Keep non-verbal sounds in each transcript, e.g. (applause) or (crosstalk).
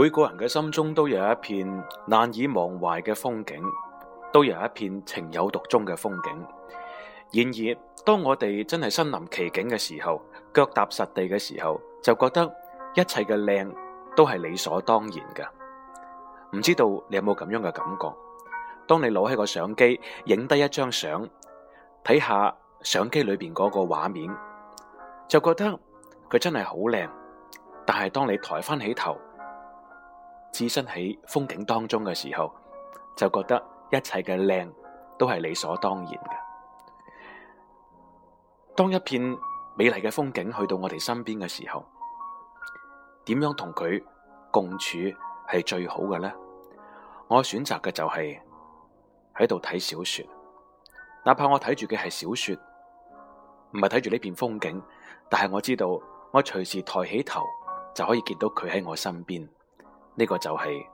每個人嘅心中都有一片難以忘懷嘅風景，都有一片情有獨鍾嘅風景。然而，當我哋真係身臨其境嘅時候，腳踏實地嘅時候，就覺得一切嘅靚都係理所當然嘅。唔知道你有冇咁樣嘅感覺？當你攞起個相機，影低一張相，睇下相機裏邊嗰個畫面，就覺得佢真係好靚。但係當你抬翻起頭，置身喺風景當中嘅時候，就覺得一切嘅靚都係理所當然嘅。當一片美麗嘅風景去到我哋身邊嘅時候，點樣同佢共處係最好嘅呢？我選擇嘅就係喺度睇小說，哪怕我睇住嘅係小說，唔係睇住呢片風景，但係我知道我隨時抬起頭就可以見到佢喺我身邊。呢個就係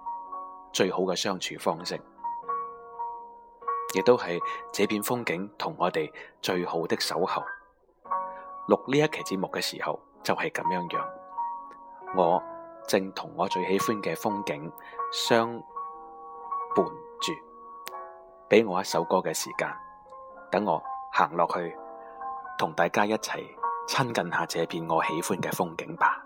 最好嘅相處方式，亦都係這片風景同我哋最好的守候。錄呢一期節目嘅時候，就係咁樣樣。我正同我最喜歡嘅風景相伴住，俾我一首歌嘅時間，等我行落去，同大家一齊親近下這片我喜歡嘅風景吧。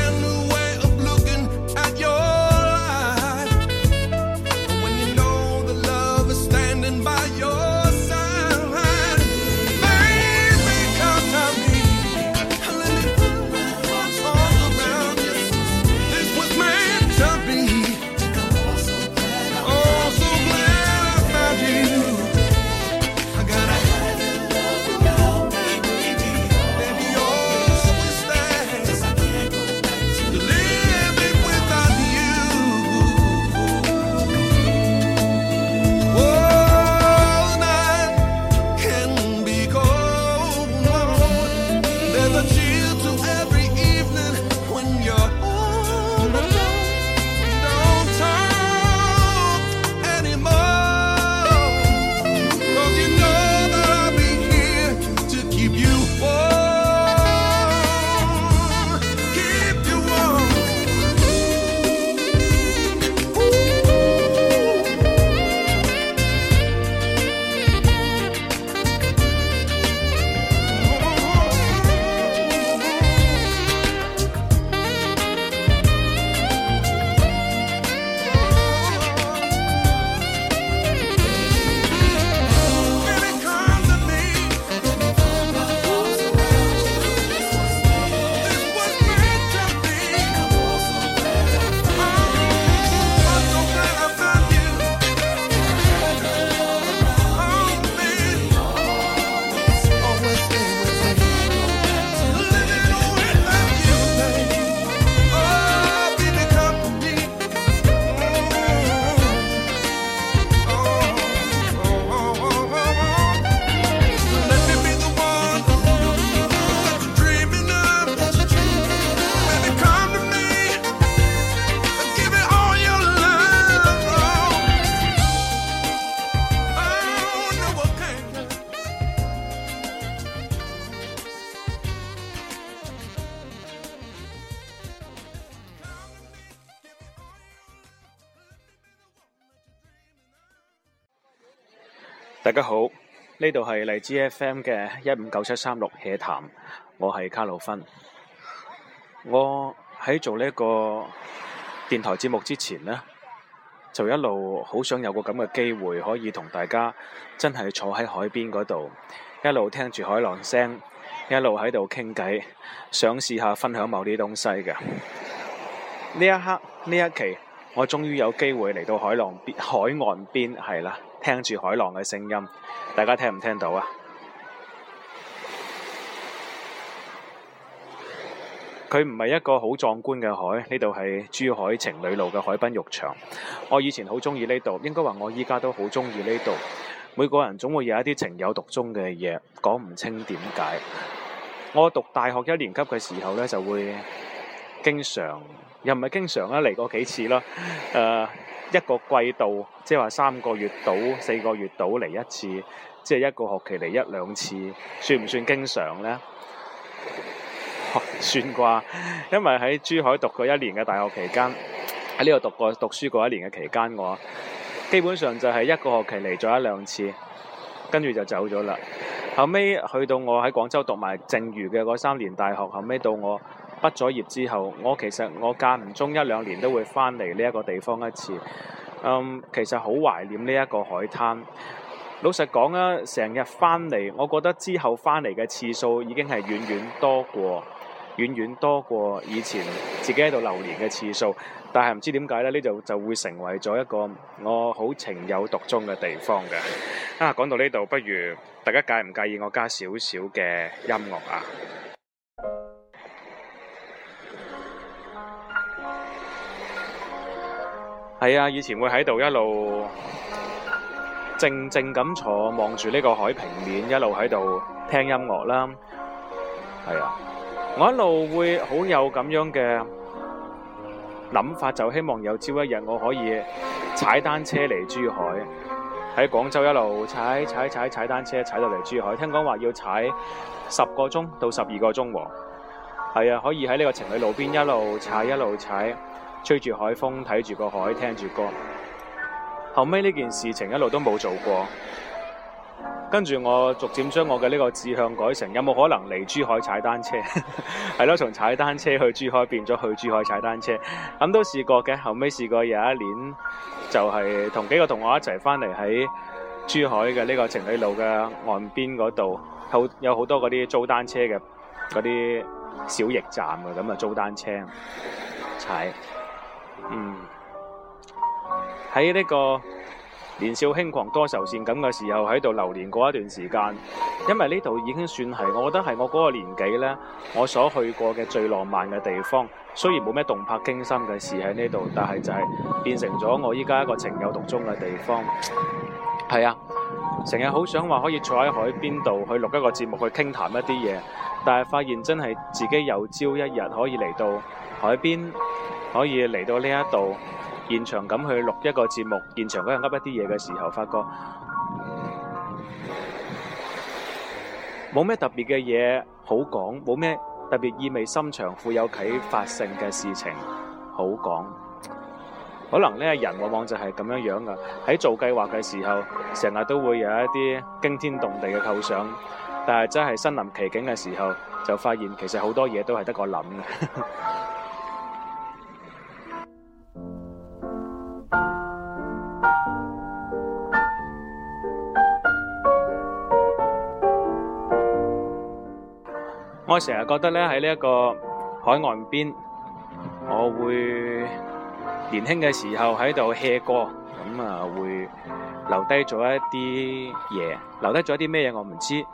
大家好，呢度係荔枝 FM 嘅一五九七三六嘅談，我係卡路芬。我喺做呢個電台節目之前呢就一路好想有個咁嘅機會，可以同大家真係坐喺海邊嗰度，一路聽住海浪聲，一路喺度傾偈，想試下分享某啲東西嘅。呢一刻，呢一期，我終於有機會嚟到海浪邊、海岸邊，係啦。聽住海浪嘅聲音，大家聽唔聽到啊？佢唔係一個好壯觀嘅海，呢度係珠海情侶路嘅海濱浴場。我以前好中意呢度，應該話我依家都好中意呢度。每個人總會有一啲情有獨鍾嘅嘢，講唔清點解。我讀大學一年級嘅時候呢，就會經常，又唔係經常啦，嚟過幾次啦，誒、呃。一個季度，即係話三個月到四個月到嚟一次，即係一個學期嚟一兩次，算唔算經常呢？ (laughs) 算啩，因為喺珠海讀過一年嘅大學期間，喺呢度讀過讀書過一年嘅期間，我基本上就係一個學期嚟咗一兩次，跟住就走咗啦。後尾去到我喺廣州讀埋剩餘嘅嗰三年大學，後尾到我。畢咗業之後，我其實我間唔中一兩年都會返嚟呢一個地方一次。嗯，其實好懷念呢一個海灘。老實講啊，成日返嚟，我覺得之後返嚟嘅次數已經係遠遠多過，遠遠多過以前自己喺度流連嘅次數。但係唔知點解呢就就會成為咗一個我好情有獨鍾嘅地方嘅。啊，講到呢度，不如大家介唔介意我加少少嘅音樂啊？係啊，以前會喺度一路靜靜咁坐，望住呢個海平面，一路喺度聽音樂啦。係啊，我一路會好有咁樣嘅諗法，就希望有朝一日我可以踩單車嚟珠海，喺廣州一路踩踩踩踩單車，踩到嚟珠海。聽講話要踩十個鐘到十二個鐘喎。係啊，可以喺呢個情侶路邊一路踩一路踩。吹住海風，睇住個海，聽住歌。後尾呢件事情一路都冇做過。跟住我逐漸將我嘅呢個志向改成有冇可能嚟珠海踩單車？係 (laughs) 咯，從踩單車去珠海變咗去珠海踩單車。咁、嗯、都試過嘅。後尾試過有一年，就係、是、同幾個同學一齊返嚟喺珠海嘅呢個情侶路嘅岸邊嗰度，有有好多嗰啲租單車嘅嗰啲小驛站嘅，咁啊租單車踩。嗯，喺呢個年少輕狂、多愁善感嘅時候，喺度流連過一段時間。因為呢度已經算係，我覺得係我嗰個年紀呢，我所去過嘅最浪漫嘅地方。雖然冇咩動魄驚心嘅事喺呢度，但係就係變成咗我依家一個情有獨鍾嘅地方。係啊，成日好想話可以坐喺海邊度去錄一個節目，去傾談談一啲嘢，但係發現真係自己有朝一日可以嚟到。海邊可以嚟到呢一度現場咁去錄一個節目，現場嗰度噏一啲嘢嘅時候，發覺冇咩特別嘅嘢好講，冇咩特別意味深長、富有啟發性嘅事情好講。可能呢個人往往就係咁樣樣噶，喺做計劃嘅時候，成日都會有一啲驚天動地嘅構想，但係真係身臨其境嘅時候，就發現其實好多嘢都係得個諗嘅。 (laughs) 成日覺得咧喺呢一個海岸邊，我會年輕嘅時候喺度 hea 過，咁啊會留低咗一啲嘢，留低咗一啲咩嘢我唔知，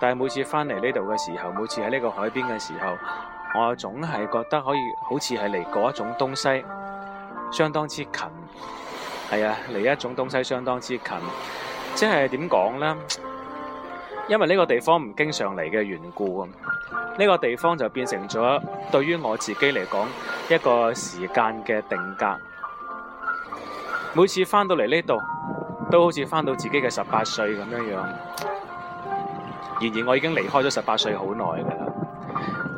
但係每次翻嚟呢度嘅時候，每次喺呢個海邊嘅時候，我總係覺得可以好似係嚟嗰一種東西，相當之近。係、哎、啊，嚟一種東西相當之近，即係點講咧？因為呢個地方唔經常嚟嘅緣故，噉呢個地方就變成咗對於我自己嚟講一個時間嘅定格。每次翻到嚟呢度，都好似翻到自己嘅十八歲咁樣樣。然而我已經離開咗十八歲好耐噶啦。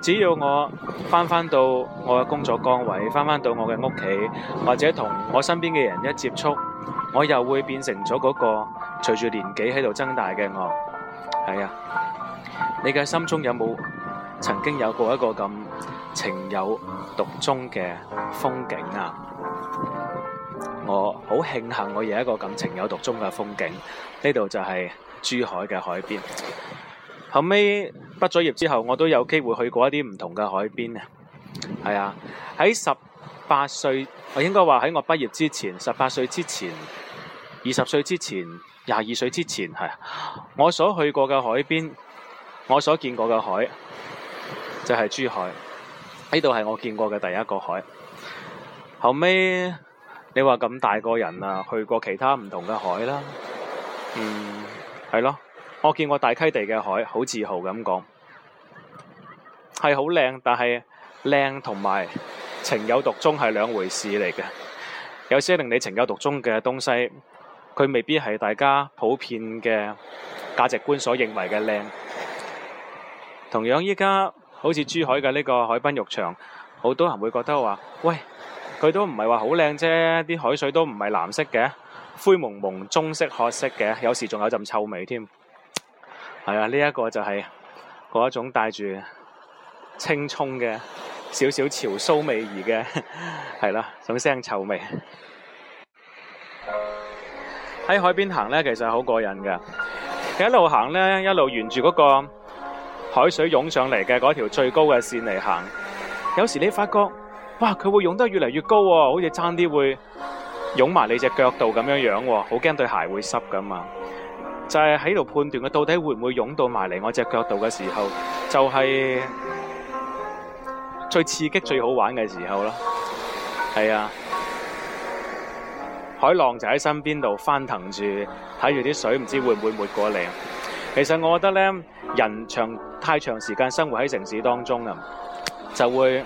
只要我翻翻到我嘅工作崗位，翻翻到我嘅屋企，或者同我身邊嘅人一接觸，我又會變成咗嗰個隨住年紀喺度增大嘅我。係啊，你嘅心中有冇曾經有過一個咁情有獨鍾嘅風景啊？我好慶幸我有一個咁情有獨鍾嘅風景，呢度就係珠海嘅海邊。後尾畢咗業之後，我都有機會去過一啲唔同嘅海邊啊。係啊，喺十八歲，我應該話喺我畢業之前，十八歲之前，二十歲之前。廿二歲之前係我所去過嘅海邊，我所見過嘅海就係、是、珠海。呢度係我見過嘅第一個海。後尾，你話咁大個人啦，去過其他唔同嘅海啦，嗯，係咯，我見過大溪地嘅海，好自豪咁講，係好靚，但係靚同埋情有獨鍾係兩回事嚟嘅。有些令你情有獨鍾嘅東西。佢未必係大家普遍嘅價值觀所認為嘅靚。同樣，依家好似珠海嘅呢個海濱浴場，好多人會覺得話：「喂，佢都唔係話好靚啫，啲海水都唔係藍色嘅，灰蒙蒙、棕色、褐色嘅，有時仲有陣臭味添。」係啊，呢一個就係嗰一種帶住青葱嘅少少潮蘇味兒嘅，係啦，種腥臭味。喺海邊行呢，其實係好過癮嘅。一路行呢，一路沿住嗰個海水湧上嚟嘅嗰條最高嘅線嚟行。有時你發覺，哇，佢會湧得越嚟越高喎，好似差啲會湧埋你隻腳度咁樣樣，好驚對鞋會濕㗎嘛。就係喺度判斷佢到底會唔會湧到埋嚟我隻腳度嘅時候，就係最刺激、最好玩嘅時候囉。係啊。海浪就喺身邊度翻騰住，睇住啲水唔知會唔會沒過嚟。其實我覺得咧，人長太長時間生活喺城市當中啊，就會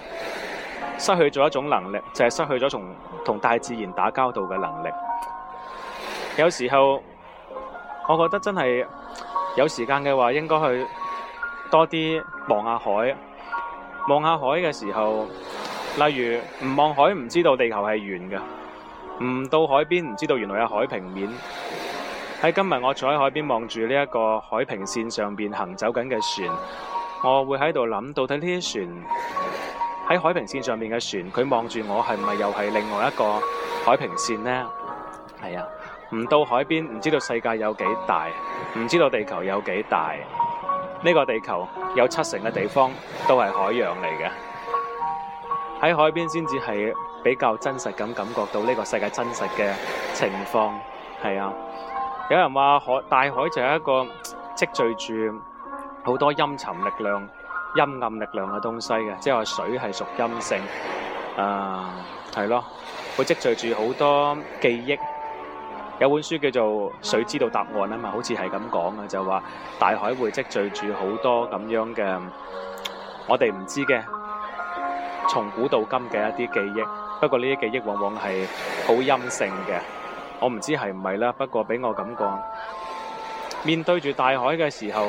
失去咗一種能力，就係、是、失去咗同同大自然打交道嘅能力。有時候我覺得真係，有時間嘅話，應該去多啲望下海。望下海嘅時候，例如唔望海唔知道地球係圓嘅。唔到海邊，唔知道原來有海平面。喺今日我坐喺海邊望住呢一個海平線上邊行走緊嘅船，我會喺度諗，到底呢啲船喺海平線上面嘅船，佢望住我係咪又係另外一個海平線呢？係啊，唔到海邊，唔知道世界有幾大，唔知道地球有幾大。呢個地球有七成嘅地方都係海洋嚟嘅。喺海邊先至係比較真實咁感覺到呢個世界真實嘅情況，係啊！有人話海大海就係一個積聚住好多陰沉力量、陰暗力量嘅東西嘅，即係話水係屬陰性，啊，係咯、啊，會積聚住好多記憶。有本書叫做《水知道答案》啊嘛，好似係咁講嘅，就話大海會積聚住好多咁樣嘅，我哋唔知嘅。從古到今嘅一啲記憶，不過呢啲記憶往往係好陰性嘅。我唔知係唔係啦，不過俾我感覺，面對住大海嘅時候，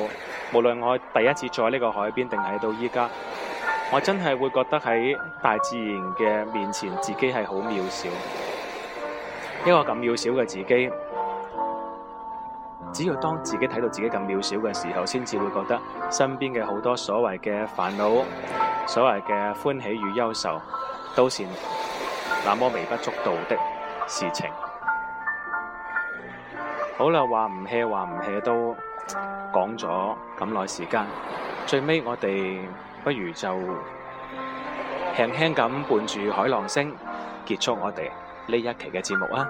無論我第一次坐喺呢個海邊定係到依家，我真係會覺得喺大自然嘅面前，自己係好渺小。一個咁渺小嘅自己，只要當自己睇到自己咁渺小嘅時候，先至會覺得身邊嘅好多所謂嘅煩惱。所謂嘅歡喜與憂愁，都是那麼微不足道的事情。好啦，話唔 h e 話唔 h 都講咗咁耐時間，最尾我哋不如就輕輕咁伴住海浪聲，結束我哋呢一期嘅節目啊！